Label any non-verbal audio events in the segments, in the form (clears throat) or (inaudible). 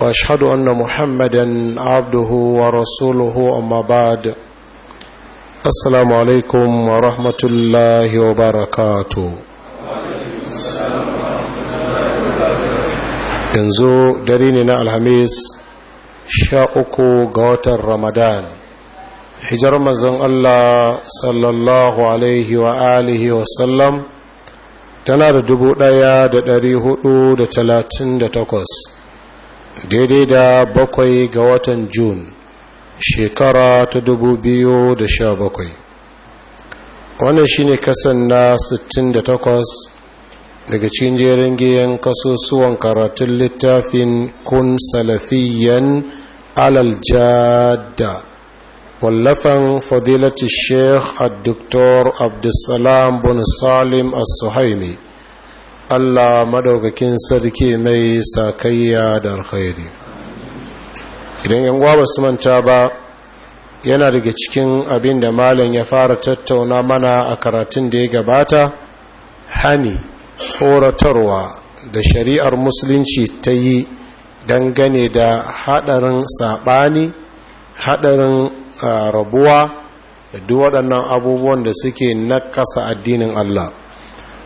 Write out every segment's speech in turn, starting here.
واشهد ان محمدا عبده ورسوله اما بعد السلام عليكم ورحمه الله وبركاته yanzu dare ne na alhamis sha uku ga watan ramadan hijar mazan allah sallallahu alaihi wa alihi sallam tana da dubu ɗaya da dari hudu da talatin da takwas daidai da bakwai ga watan Jun shekara ta dubu biyu da sha bakwai. wannan shine kasan na 68 daga cikin jerin giyan kasusuwan karatun littafin kun salafiyan alal jada, wallafan Fadilatu sheikh al-doktor abdulsalam bin salim as-suhaimi Allah maɗaukakin sarki mai sakayya da alkhairi idan yan gwa su manta ba yana daga cikin abin da malam ya fara tattauna mana a karatun da ya gabata hani tsoratarwa da shari'ar musulunci ta yi dangane da haɗarin saɓani haɗarin ah, rabuwa da duk waɗannan abubuwan da suke nakasa addinin Allah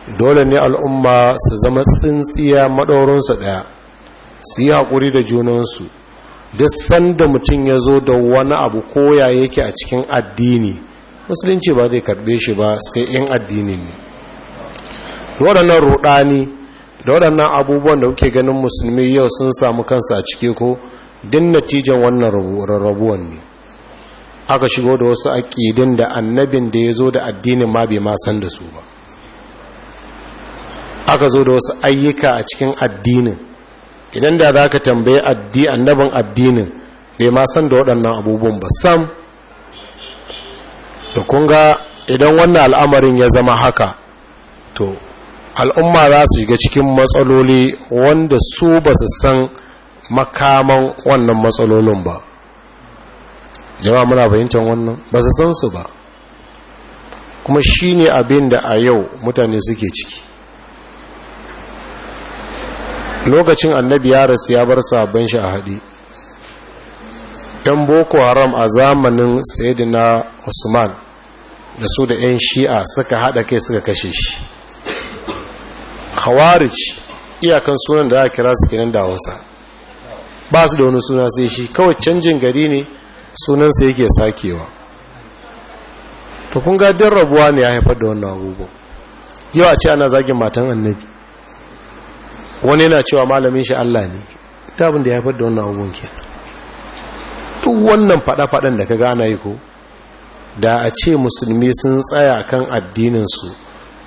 dole ne al'umma su zama tsintsiya maɗaurinsu ɗaya su yi haƙuri da junansu duk sanda mutum ya zo da wani abu koya yake a cikin addini musulunci ba zai karɓe shi ba sai yin addini ne waɗannan ruɗani da waɗannan abubuwan da kuke ganin musulmi yau sun samu kansa a cike ko din natijan wannan rarrabuwan ne aka shigo da wasu aƙidin da annabin da ya zo da addinin ma bai ma san da su ba aka zo da wasu ayyuka a cikin addinin idan da za ka tambaye annabin addinin bai ma san da waɗannan abubuwan ba sam da kunga idan wannan al'amarin ya zama haka to al'umma za su shiga cikin matsaloli wanda su ba su san makaman wannan matsalolin ba jama'a muna fahimtar wannan ba su san su ba kuma shi ne abin da a yau mutane suke ciki lokacin annabi ya rasu ya bar sabon shi a haɗe ɗan boko haram a zamanin sayidina usman da su da yan shi'a suka haɗa kai suka kashe shi khawarij iyakan sunan da aka kira su kenan da hausa ba su da wani suna sai shi kawai canjin gari ne sunansa yake sakewa to kun rabuwa ne ya haifar da wannan abubuwan yau a ce ana zagin matan annabi wani yana cewa malamin shi Allah ne ta abin da ya haifar da wannan abubuwan ke duk wannan fada-fadan da ka gana yi ko da a ce musulmi sun tsaya kan addininsu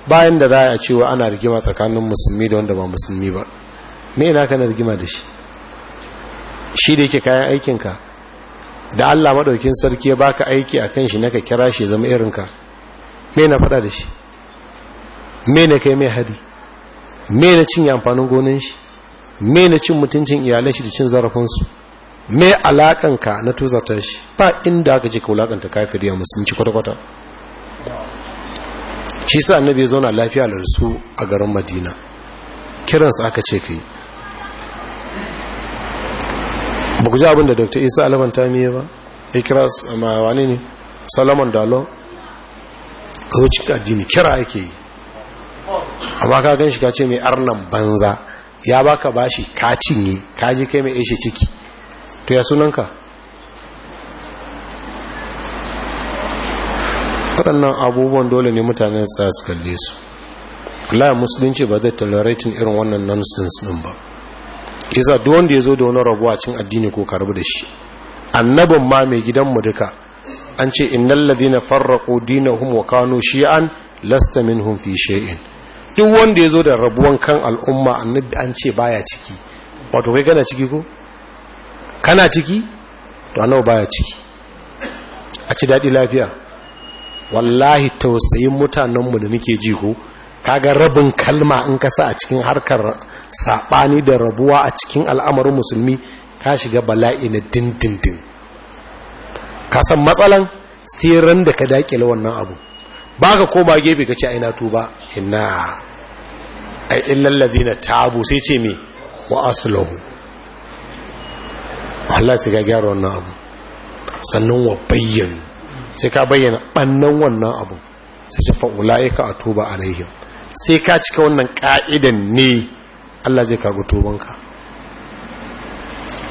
bayan da za a cewa ana rigima tsakanin musulmi da wanda ba musulmi ba me ina kana rigima da shi shi da yake kayan aikinka da Allah maɗaukin sarki ya baka aiki a kan shi naka kira shi zama irinka me na faɗa da shi me na kai mai hari me na cinye amfanin gonin shi me na cin mutuncin iyalin shi da cin zarafinsu me alakanka na tozata shi ba inda aka ce ka wulakanta kafiri ya musulunci kwata-kwata shi sa annabi ya zauna lafiya larsu a garin madina kiransu aka ce ka yi ba ku ji abin da dr isa alban miye ba ya kira wani ne salamun dalo a wucin addini kira ake yi amma ka gan shi ka ce mai arnan banza ya baka bashi ka cinye ka ji kai mai ishe ciki to ya sunanka waɗannan abubuwan dole ne mutane su su kalle su kula musulunci ba zai tolerating irin wannan nonsense ɗin ba isa duk wanda ya zo da wani rabuwa cin addini ko karbi da shi annabin ma mai gidan mu duka an ce na ladina farraqu dinahum wa kanu shi'an lasta minhum fi shay'in duk wanda ya zo da rabuwan kan al'umma annabi an ce baya ciki wato kai kana ciki ko kana ciki to annabi baya ciki a ci daɗi lafiya wallahi tausayin mutanenmu da muke ji ko kaga rabin kalma in ka sa a cikin harkar saɓani da rabuwa a cikin al'amarin musulmi ka shiga bala'i na dindindin ka san matsalan sai ran da ka daƙile wannan abu ba ka koma gefe ka ce a ina tuba inna ai illallazi na tabu sai ce me wa asulahu Allah sai ka gyara wannan abu sannan wa bayyana sai ka bayyana bannan wannan abu sai ce ka a tuba alaihim sai ka cika wannan ƙa'idan ne Allah zai kagu tubanka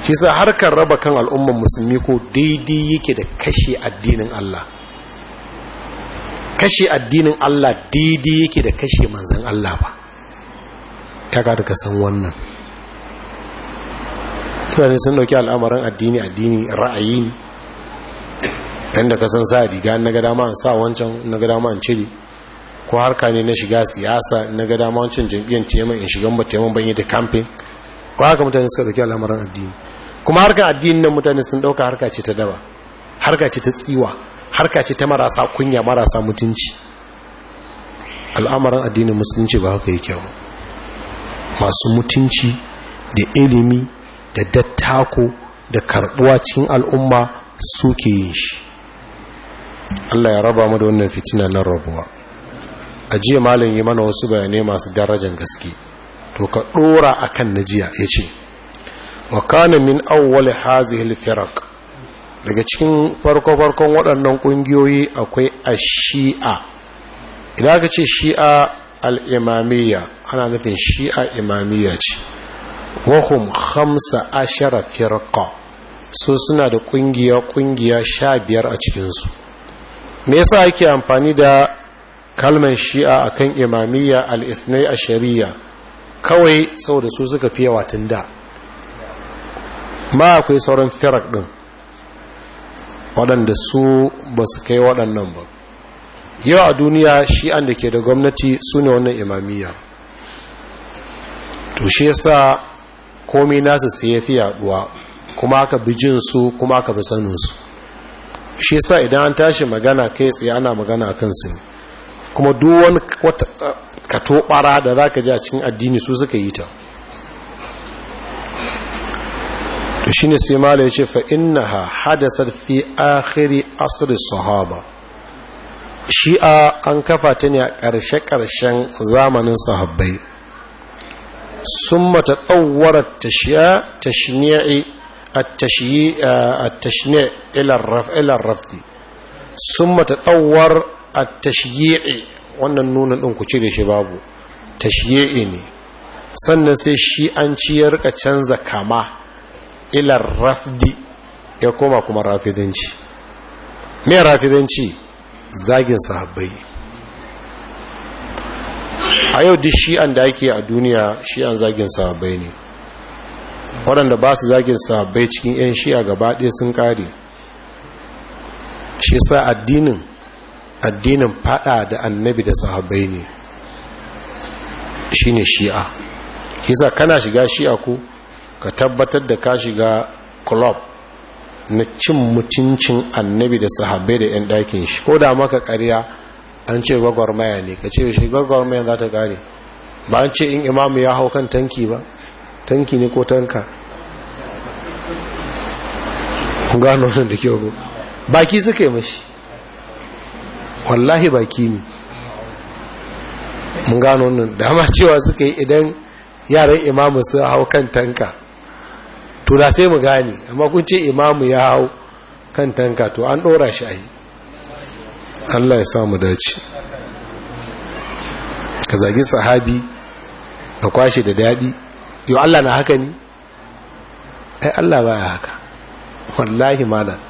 shi sa harkar raba kan al'umman musulmi ko daidai yake da kashe addinin Allah kashe addinin Allah daidai yake da kashe manzan Allah ba ya ga ka san wannan tunanin sun dauki al'amarin addini addini ra'ayi ne yadda ka san sa riga na ga dama sa wancan na ga dama cire ko harka ne na shiga siyasa na ga dama wancan jam'iyyar teman in shigan ba teman ban yi da kamfe ko haka mutane suka dauki al'amarin addini kuma harka addinin nan mutane sun dauka harka ce ta daba harka ce ta tsiwa harka ce ta marasa kunya marasa mutunci al'amarin addinin musulunci ba haka yake masu mutunci da ilimi da dattako da karbuwa cikin al'umma suke yin shi Allah ya raba mu da wannan fitina na rabuwa a jiya malam yi mana wasu bayanai masu darajar gaske to ka dora akan najiya yace wa kana min awwal hazihi al-firaq daga cikin farko-farkon waɗannan ƙungiyoyi akwai a shi'a idan aka ce shi'a al'imamiyya ana nufin shi'a imamiyya ce wahum hamsa ashara firka su suna da ƙungiya-ƙungiya sha biyar a cikinsu me yasa ake amfani da kalmar shi'a kan imamiyya al'isnai a shari'a kawai sau da su suka fi yawa tun da ma akwai sauran firak ɗin waɗanda su ba su kai waɗannan ba yau a duniya shi'an da ke da gwamnati su ne wannan imamiyya to shi yasa komi nasu sai ya fi yaduwa kuma aka bi jinsu kuma aka bi saninsu shi yasa idan an tashi magana kai tsaye ana magana kan su ne kuma duk wani bara da za ka ji a cikin addini su suka yi ta to shine sai mala yace fa innaha hadasat fi akhiri asr sahaba shi'a an kafa ta ne a ƙarshe ƙarshen zamanin sahabbai summa tatawwarat tashiya a at-tashyi' eh, at wannan nunan ɗin ku cire shi babu tashyi'i ne sannan sai shi an ciyar ka canza kama ilar rafdi ya koma kuma rafidanci mai rafidanci zagin sahabbai a yau duk shi'an da ake a duniya shi'an zagin sahabbai ne waɗanda ba su zagin sahabbai cikin 'yan shi'a gaba ɗaya sun ƙare shi sa addinin addinin fada da annabi da sahabbai ne shi ne shi'a kisa kana shiga shi'a ku? ka tabbatar da ka shiga club na cin mutuncin annabi da sahabbai da 'yan ɗakin shi ko da maka ƙarya an ce gwagwarmaya ne ka ce shi gwagwarmaya za ta gare ba an ce in imamu ya hau kan tanki ba tanki ne ko tanka gano sun da kyau baki suka yi mashi wallahi baki ne mun gano nan dama cewa suka yi idan yaran imamu su hau kan tanka to da sai mu gane amma kun ce imamu ya hau kan tanka to an ɗora shi ai Allah ya sa mu dace ka zagi sahabi ka kwashe da dadi. yau Allah na haka ni? ai Allah baya haka wallahi malam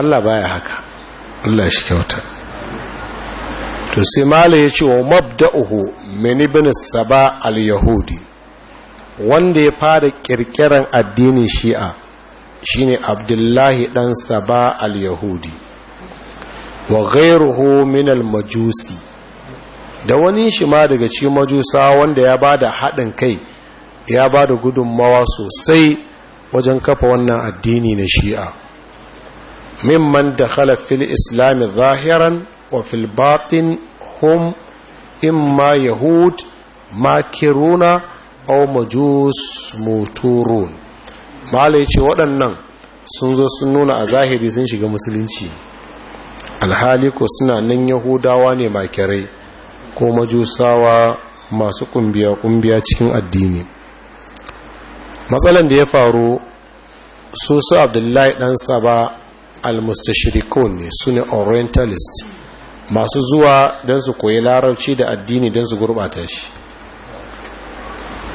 Allah baya haka Allah shi kyauta to sai mala ya ce wa mabda'uhu min ibn saba al-yahudi wanda ya fara kirkiran addinin shi'a shi ne abdullahi ɗan saba al-yahudi wa ghairuhu min al-majusi da wani shi ma daga ci majusa wanda ya ba da haɗin kai ya ba da gudunmawa sosai wajen kafa wannan addini na shi'a mimman da fil islam zahiran wa filbatin batin hum imma yahud makiruna au majus muturun mala ya ce waɗannan sun zo sun nuna a zahiri sun shiga musulunci alhali ko suna nan yahudawa ne makirai ko majusawa masu kumbiya-kumbiya cikin addini matsalan da ya faru su su abdullahi ɗan saba al-mustashirikun ne su ne orientalist masu zuwa don su koyi larabci da addini don su gurɓata shi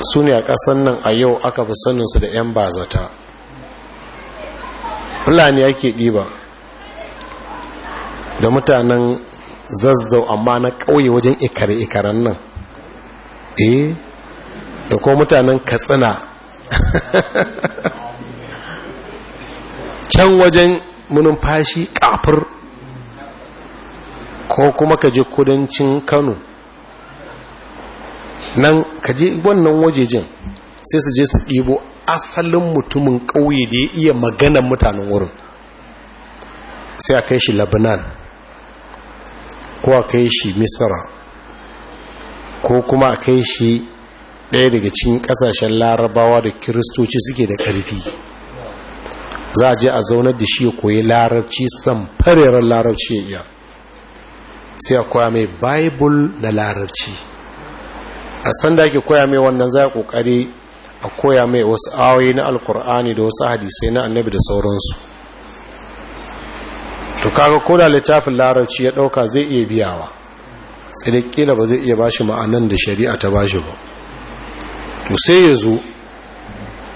su ne a ƙasan nan a yau aka fi saninsu da 'yan bazata fulani ake ɗiba da mutanen zazzau amma na ƙauye wajen ikare-ikaren nan eh da ko mutanen katsina (laughs) can wajen munumfashi kafir ko kuma ka je kudancin kano nan ka je wannan wajejen sai su je su ɗibo asalin mutumin ƙauye da ya iya maganan mutanen wurin sai a kai shi labanan ko a kai shi misra ko kuma a kai shi ɗaya daga cikin ƙasashen larabawa da kiristoci suke da ƙarfi za a je a zaunar da shi ya koyi larabci san fareren larabci ya iya sai a koya mai bible na larabci a sanda ke koya mai wannan za a kokari a koya mai wasu awoyi na alkur'ani da wasu hadisai na annabi da sauransu to kaga ko littafin larabci ya dauka zai iya biyawa sai da kila ba zai iya bashi ma'anan da shari'a ta bashi ba to sai ya zo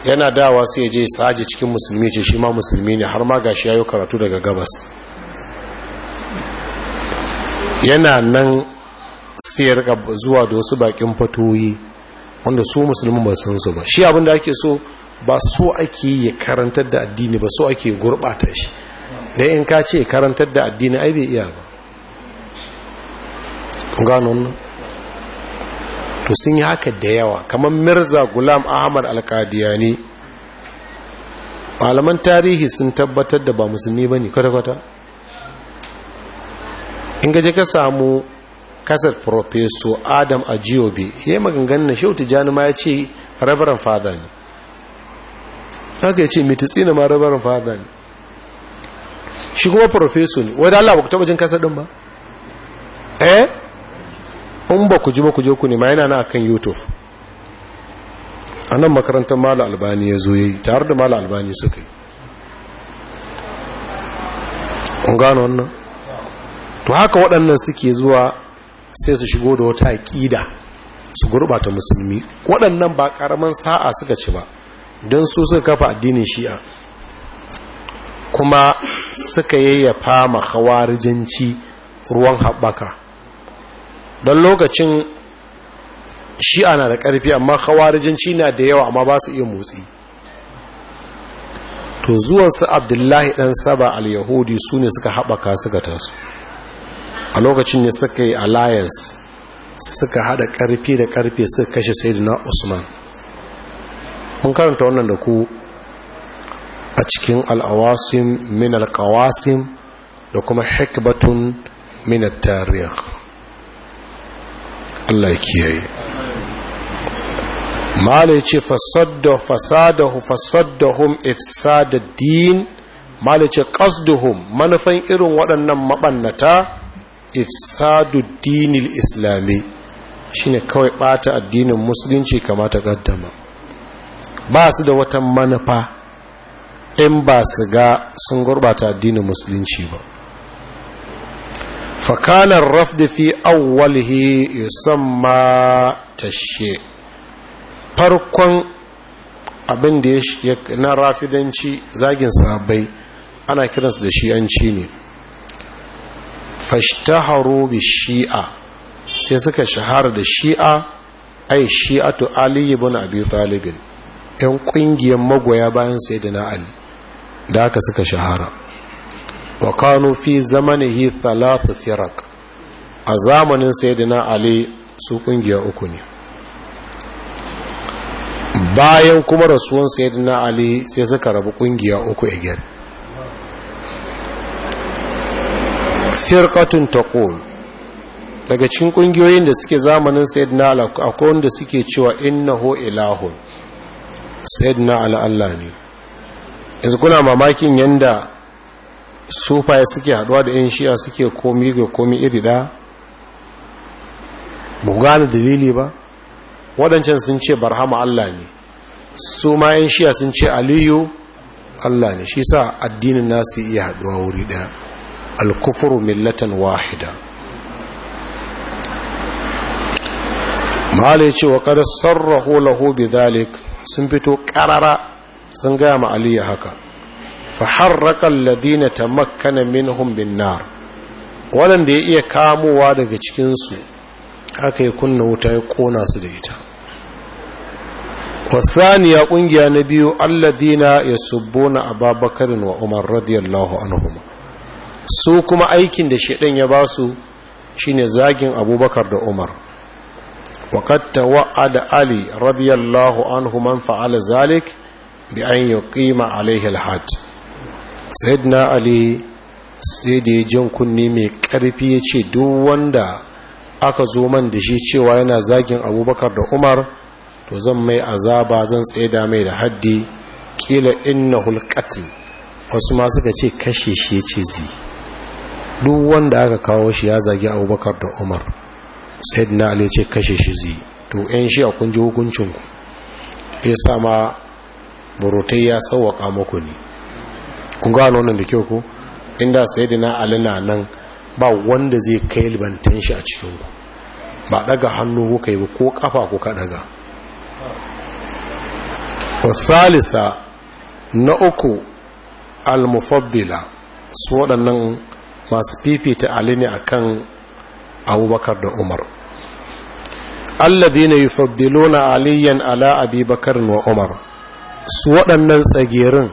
yana dawa sai ya je saji cikin musulmi ce shi ma musulmi ne har ma gashi ya karatu daga gabas yana nan Siyar zuwa da wasu bakin fatoyi wanda su musulmin ba san su ba shi abin da ake so ba so ake yi karantar da addini ba so ake gurbata shi da in ka ce karantar da addini ai bai iya ba gano to sun yi haka da yawa kamar mirza gulam ahmad alkadiyani malaman tarihi sun tabbatar da ba musulmi ba ne kwata-kwata in gaje ka samu kasar profeso adam a jiobe ya yi maganganun na shautu tijjani ma ya ce rabaran fada ne aka yi ce mititsi na ma rabaran fada ne shi kuma profeso ne wadda allah ba ku taba jin kasar ɗin ba eh in ba ku ji ba ku je ku ma yana na akan youtube a nan makarantar mala albani ya zo ya yi tare da mala albani suka yi kun wannan to haka waɗannan suke zuwa sai su shigo da wata aƙida su gurɓata musulmi waɗannan ba ƙaramin sa'a suka ci ba don su suka kafa addinin shi'a kuma suka yayyafa ma ruwan haɓaka don lokacin shi'a na da ƙarfi amma hawarijanci na da yawa amma ba su iya motsi to zuwansu abdullahi ɗan saba al-yahudi su ne suka haɓaka suka tasu a lokacin ne suka yi alliance suka hada karfi da karfe suka kashe sayyidina usman mun karanta wannan da ku a cikin al'awasim min alkawasim da kuma hikbatun min tarih Allah kiyaye malai ce fasadda fasadahu fasaddahum ifsadad din malai ce qasduhum manufan irin waɗannan maɓannata. ifsadu islami shine kawai bata addinin musulunci kamata gaddama ba su da wata manufa in ba su ga sun gurbata addinin musulunci ba fakanar rafdi fi awwalihi yusamma tashe farkon abin da ya na rafidanci zagin sabai ana kiransu da shi'anci ne fashtaharu bi shi'a sai suka shahara da shi'a ai shi'atu ali ibn abi talib yan kungiyar magoya bayan sayyidina ali da aka suka shahara wa kanu fi zamanihi talatu firaq a zamanin sayyidina ali su kungiya uku ne bayan kuma rasuwan sayyidina ali sai suka rabu ƙungiya uku gari. firqatun taqum daga cikin kungiyoyin da suke zamanin sayyidina a akwai wanda suke cewa innahu ilahun sayyidina ala Allah ne yanzu kuna mamakin yanda sufaye suke haduwa da yan shiya suke komi ga komi iri da mu gane dalili ba waɗancan sun ce barhama Allah ne su ma yan shi'a sun ce aliyu Allah ne shi sa addinin nasu iya haduwa wuri ɗaya alkufuru millatan wahida mahala ya ce wa kada sarraho laho bi sun fito ƙarara sun gaya ma aliyu haka faharrakan ladina ta makana minhum bin nar waɗanda ya iya kamowa daga cikinsu aka ya kunna wuta ya kona su da ita wasaniya ƙungiya na biyu alladina ya subbo na ababakarin wa umar radiyallahu anhuma su kuma aikin da shaidan ya ba su shine zagin abubakar da umar وقد Ali علي رضي الله عنه من فعل ذلك بأن يقيم عليه Ali sai da ya jin kunni mai ƙarfi ya ce duk wanda aka zo man da shi cewa yana zagin abubakar da umar to zan mai azaba zan tsaida mai da haddi kila inna hulƙatin wasu ma suka ce kashe shi ce zi duk wanda aka kawo shi ya zagi abubakar da umar na ali ce kashe shi zai to yan shi a kun ji hukuncin ku ya sa ma burutai ya sauwaka muku ne kun gano wannan da kyau ko inda sayyidina ali na nan ba wanda zai kai libantan shi a cikin ku ba daga hannu kuka yi ko kafa kuka daga wasalisa na uku al-mufaddila su waɗannan masu fifita ali ne akan abubakar da umar alladhina yufaddiluna aliyan ala abi bakar wa umar su waɗannan tsagerin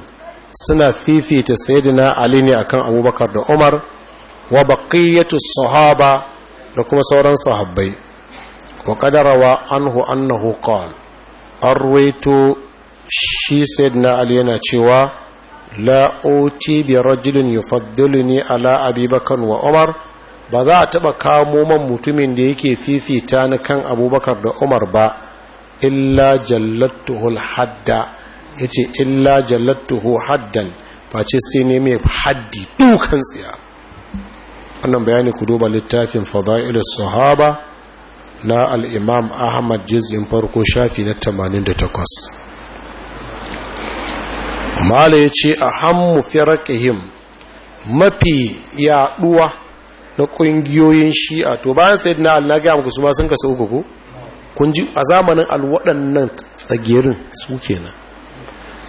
suna fifita sayyidina ali ne akan abubakar da umar wa baqiyatu sahaba da kuma sauran sahabbai wa qadarawa anhu annahu qala arwayto shi sayyidina ali yana cewa la oti bi rajulin yufaddiluni ala abi wa umar ba za a taba kamo man mutumin da yake fifita na kan abubakar da umar ba illa jallatuhu hadda yace illa jallatuhu haddan face sai ne mai haddi dukan tsiya wannan bayani ku duba littafin fada'ilus sahaba na al-imam ahmad juz'in farko shafi na 88 mala ya ce a hannu firakihim mafi yaduwa na ƙungiyoyin shi'a to bayan sai na alnaga muku su ma sun kasa uku ko kun ji a zamanin alwaɗannan tsagirin su kenan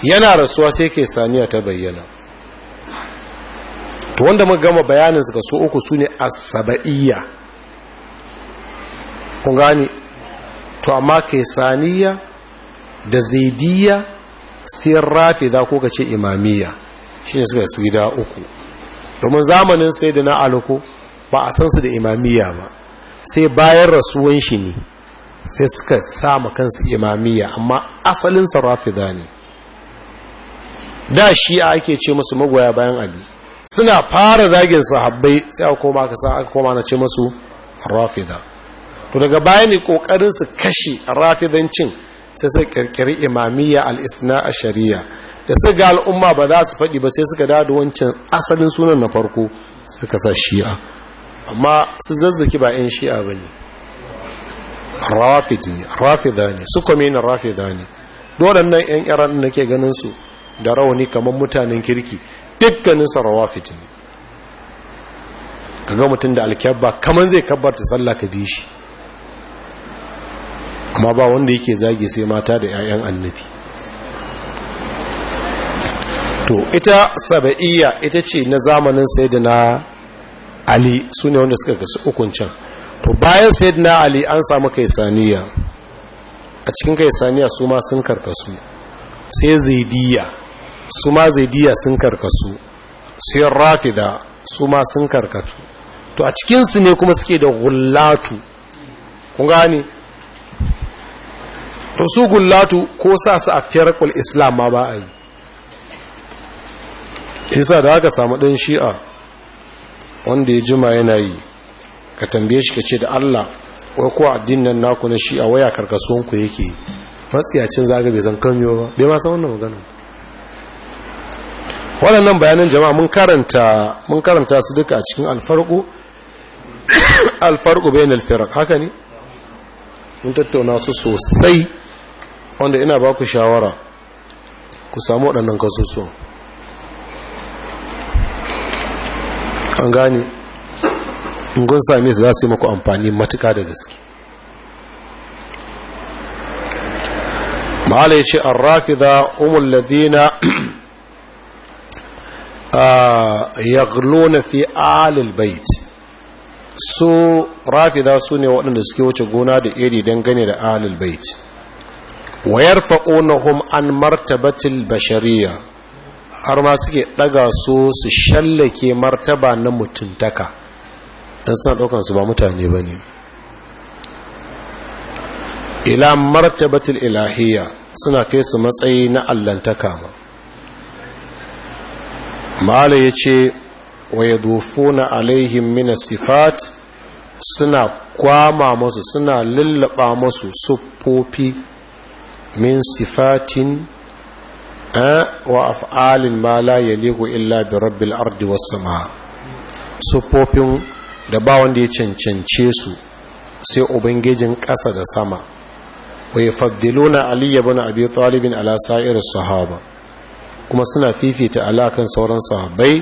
yana rasuwa sai ke saniya ta bayyana to wanda muka gama bayanin su kasu uku su ne saba'iyya kun gani to amma ke saniya da zaidiyya sai rafida ko ka ce imamiyya shine suka su gida uku domin zamanin sai da na aluku ba a san su da imamiya ba sai bayan rasuwan shi ne sai suka sama kansu imamiya amma asalin sa rafida ne da shi a ake ce musu magoya bayan ali suna fara zagin sahabbai sai aka koma ka sa aka koma na ce musu rafida to daga baya ne kokarin su kashe rafidancin sai sai kirkiri imamiyya al-isna a shari'a da su ga al'umma ba za su faɗi ba sai suka da wancan asalin sunan na farko suka sa shi'a amma su zazzaki ba 'yan shi'a ba ne rafida ne su kwamina rafida ne nan 'yan iran da ke ganin su da rauni kamar mutanen kirki dukkaninsa rawafid ne ga mutum da alkyabba kaman zai kabbarta sallah ka bi shi amma ba wanda yake zagi sai mata da 'ya'yan annabi to ita saba'iyya ita ce na zamanin na ali su ne wanda suka kasu hukuncin to bayan na ali an samu kaisaniya a cikin kaisaniya su ma sun karkasu sai zaidiya su ma zaidiya sun karkasu sai rafida su ma sun karkatu to a cikinsu ne kuma suke da gullatu kun gani to su gullatu ko sa su a firqul islam ma ba a yi yasa da aka samu ɗan shi'a wanda ya jima yana yi ka tambaye shi ka ce da Allah wai ko addinin nan naku na shi'a waya karkasuwan ku yake matsiyacin zaga bai san kamiyo ba bai masa wannan magana waɗannan bayanan jama'a mun karanta su duka a cikin alfarko (coughs) alfarko bayan firaq haka ne mun tattauna su sosai wanda ina ba ku shawara ku samu waɗannan kasusuwan an gane ingun sami su za su yi maku amfani matuka da gaske ma'ala ya ce an rafi da umulladina (clears throat) ah, ya glona fi alil bait su rafi za su ne waɗanda suke wuce gona da iri dangane da alil bait wa عن an البشرية har ma suke daga su su shallake martaba na mutuntaka dan suna daukan su ba mutane bane ila martabatul ilahiyya suna kai su matsayi na allantaka ma mala yace wa yadufuna alaihim min sifat suna kwama masu suna lullaba masu suffofi min sifatin wa af'alin ma la yaliqu illa bi rabbil ardi was sama sufofin da ba wanda ya cancance su sai ubangijin ƙasa da sama wa yafaddiluna ali ibn abi talib ala sa'iris sahaba kuma suna fifita alakan sauran sahabbai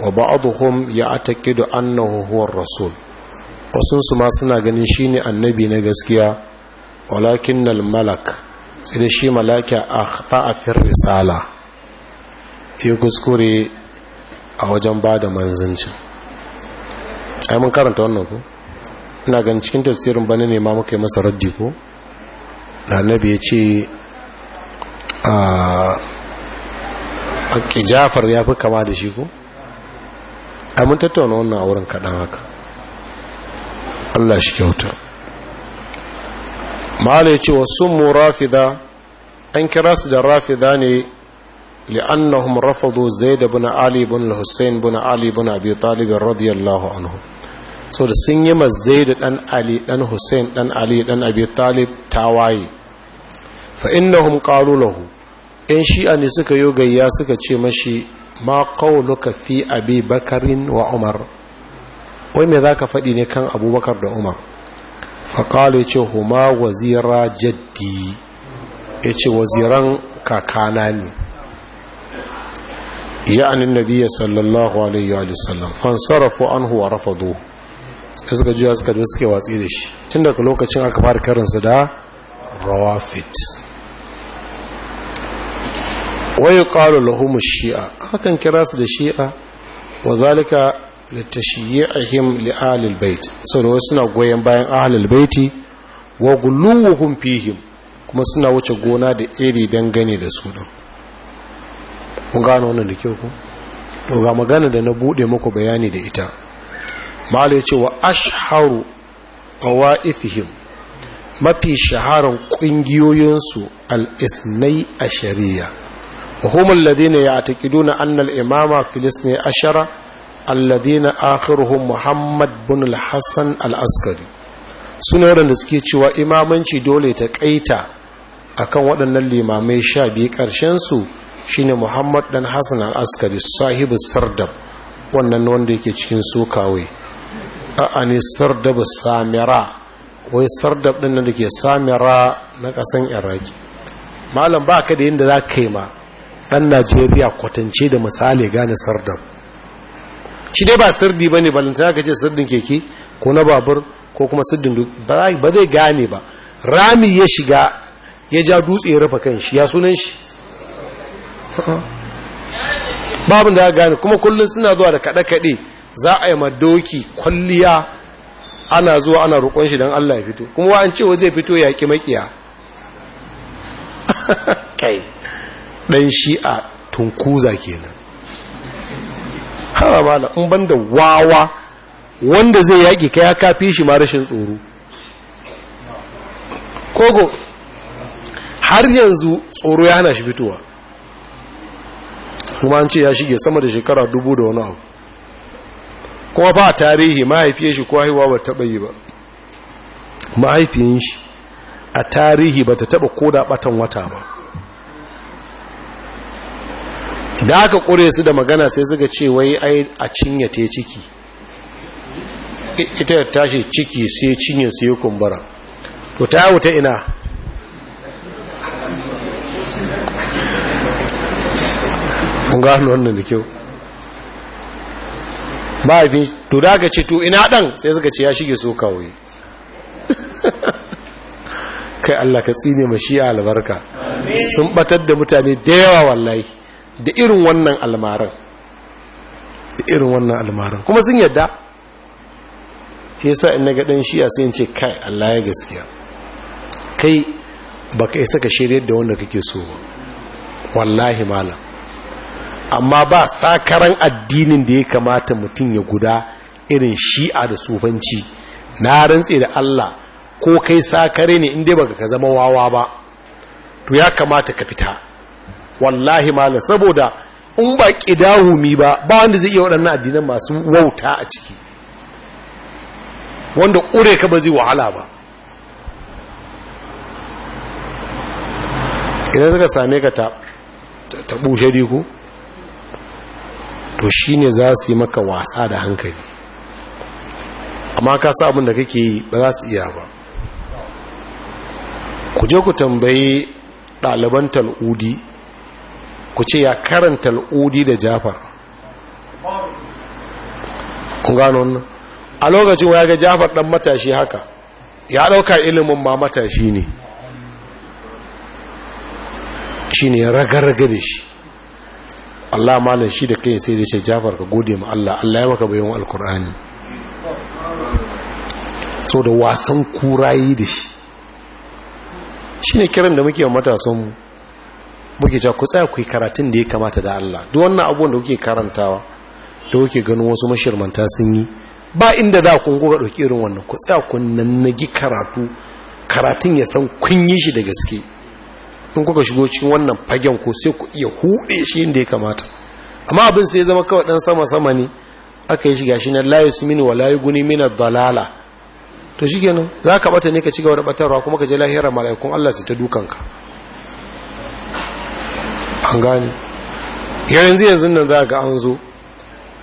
wa ba'dhum ya'taqidu annahu huwa ar-rasul wasu ma suna ganin shine annabi na gaskiya walakin al-malak sai da shi malaki a fir risala ya kuskure a wajen ba da manzancin ai mun karanta wannan ku ina gan cikin tafsirin bane ne ma muka yi masa raddi ko da annabi ya ce a jafar ya fi kama da shi ko ai mun tattauna wannan a wurin kaɗan haka Allah shi kyauta mahala ya ce wa summu rafida an kira su da rafida ne li'annahum rafadu zaid ibn ali ibn hussein ibn ali ibn abi talibin radiyallahu anhu so da sun yi ma da dan ali dan hussein dan ali dan abi talib tawaye fa innahum qalu lahu in shi'a ne suka yi gayya suka ce mashi ma qawluka fi abi bakarin wa umar wai me zaka faɗi ne kan abubakar da umar faƙalo ya ce huma wazira jaddi ya ce waziran kakana ne ya anin nabiya sallallahu alaihi wa sallam fansarafu an huwa rafado sai suka juya suka da suke watsi da shi tun daga lokacin aka fara karinsa da rawafit wayo ƙalo lahumu shi'a hakan kira su da shi'a wa zalika a litashiyyihim li ahlil bait saboda wasu suna goyon bayan ahlil baiti wa guluwuhum fihim kuma suna wuce gona da iri gani da su din kun gano wannan da kyau ku to magana da na buɗe muku bayani da ita malai ce wa ashharu qawaifihim mafi shaharan kungiyoyinsu al-isnai ashariya wa hum alladhina ya'taqiduna anna al-imama filisni ashara alladina akhiruhum muhammad bin al alaskari al-askari suna waɗanda suke cewa imamanci dole ta kaita akan waɗannan limamai sha biyu ƙarshen su shine muhammad dan Hassan al-askari sahibu sardab wannan wanda yake cikin su kawai a ne sardab samira wai sardab din nan dake samira na kasan iraki malam ba ka da yadda za ka yi ma dan najeriya kwatance da misali gane sardab shi dai ba sirdi bane balantana ka ce sirdin keke ko na babur ko kuma sirdin ba zai gane ba rami ya shiga ya ja dutse ya rufe kan shi ya sunan shi (laughs) Babu da gane kuma kullum suna zuwa da kaɗe-kaɗe za a yi madoki kwalliya ana zuwa ana roƙon shi don Allah ya fito kuma an wa zai fito ya ƙi makiya (laughs) kai ɗan shi'a tunkuza kenan hawa amana in banda wawa wanda zai yaƙi ka ya kafi shi ma rashin tsoro kogo har yanzu tsoro ya hana shi fitowa kuma an ce ya shige sama da shekara dubu da wani abu kuma ba tarihi mahaifiyar shi ko haihuwa ba taɓa yi ba mahaifiyar shi a tarihi ba ta taɓa koda ɓatan wata ba da aka ƙure su da magana sai suka ce wai ai a cinye ta ciki ita tashi ciki sai cinye su yi kumbara to ta wuta ina kun gano wannan da kyau ba a fi to da aka ce to ina ɗan sai suka ce ya shige so kawai (laughs) kai Allah ka tsine mashi albarka sun batar da mutane da yawa wallahi da irin wannan almaran da irin wannan almaran kuma sun yadda sa in ga dan shi'a sai in ce kai Allah ya gaskiya kai ba ka isa ka shiryar da wanda kake so ba wallahi malam amma ba sakaran addinin da ya kamata mutum ya guda irin shi'a da sufanci na rantse da Allah ko kai sakare ne inda baka ka zama wawa ba to ya kamata ka fita wallahi malam saboda in ba ƙidahumi ba ba wanda zai iya waɗannan addinan masu wauta a ciki wanda ƙure ka ba zai wahala ba idan suka same ka ta bushe ko to shi ne za su yi maka wasa da hankali amma ka sa abin da kake yi ba za su iya ba ku je ku tambayi ɗaliban tal'udi ku ce ya karanta al'udi da jafar ku a lokacin ya ga jafar dan matashi haka ya dauka ilimin ma matashi ne shi ne ragarraga da shi Allah malar shi da kai sai da ce jafar ka gode ma Allah Allah ya maka bayan alkur'ani so da wasan kurayi da shi shi ne kiran da muke matasanmu muke cewa ku tsaya ku yi karatun da ya kamata da Allah duk wannan abubuwan da kuke karantawa da kuke ganin wasu mashirmanta sun yi ba inda za ku ga dauki irin wannan ku tsaya ku nannagi karatu karatun ya san kun yi shi da gaske in kuka shigo cikin wannan fagen ko sai ku iya hude shi inda ya kamata amma abin sai ya zama kawai dan sama sama ne aka yi shiga shi na la yusmin wa la yughni min ad-dalala to shikenan za ka bata ne ka ci gaba da batarwa kuma ka je lahira mala'ikun Allah su ta dukanka an gane yanzu yanzu nan za ga an zo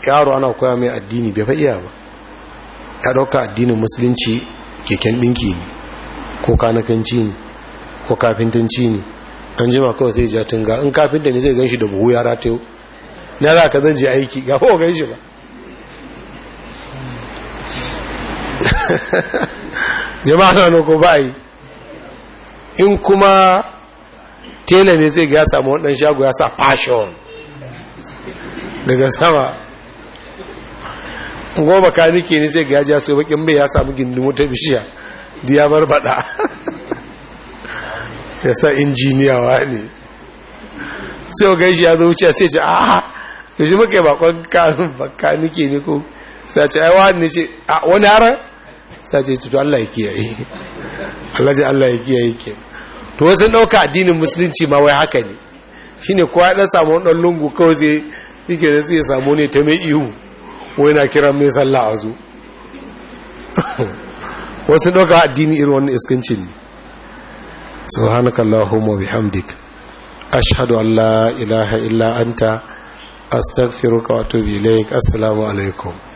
yaro ana koya mai addini bai fa iya ba ya ɗauka addinin musulunci keken ɗinki ne ko kanakanci ne ko kafintanci ne an jima kawai sai ja tunga in kafinta ne zai gan shi da buhu ya ratayo na za ka zan je aiki ga ko gan shi ba (laughs) jama'a na ko ba yi in kuma tela ne zai ga samu wannan shago ya sa fashion daga sama goma kanike ne zai ga su bakin bai ya samu gindin wuta bishiya da ya barbada (laughs) ya sa wa ne sai o shi ya zo wuce sai ce a yanzu muka yi bakon (laughs) kanike ne ko sai ce ai wani ce a wani haran sai ce tutu Allah ya kiyaye (laughs) Allah Allah ya kiyaye kenan to wasu ɗauka addinin musulunci ma wai haka ne shi ne kowa ɗan samu ɗan lungu kawai zai yake da zai samu ne ta mai ihu wai na kiran mai sallah a zo (laughs) wasu ɗauka addini irin wannan iskanci ne subhanakallahumma bihamdik ashhadu an la ilaha illa anta astaghfiruka wa atubu ilaik assalamu alaikum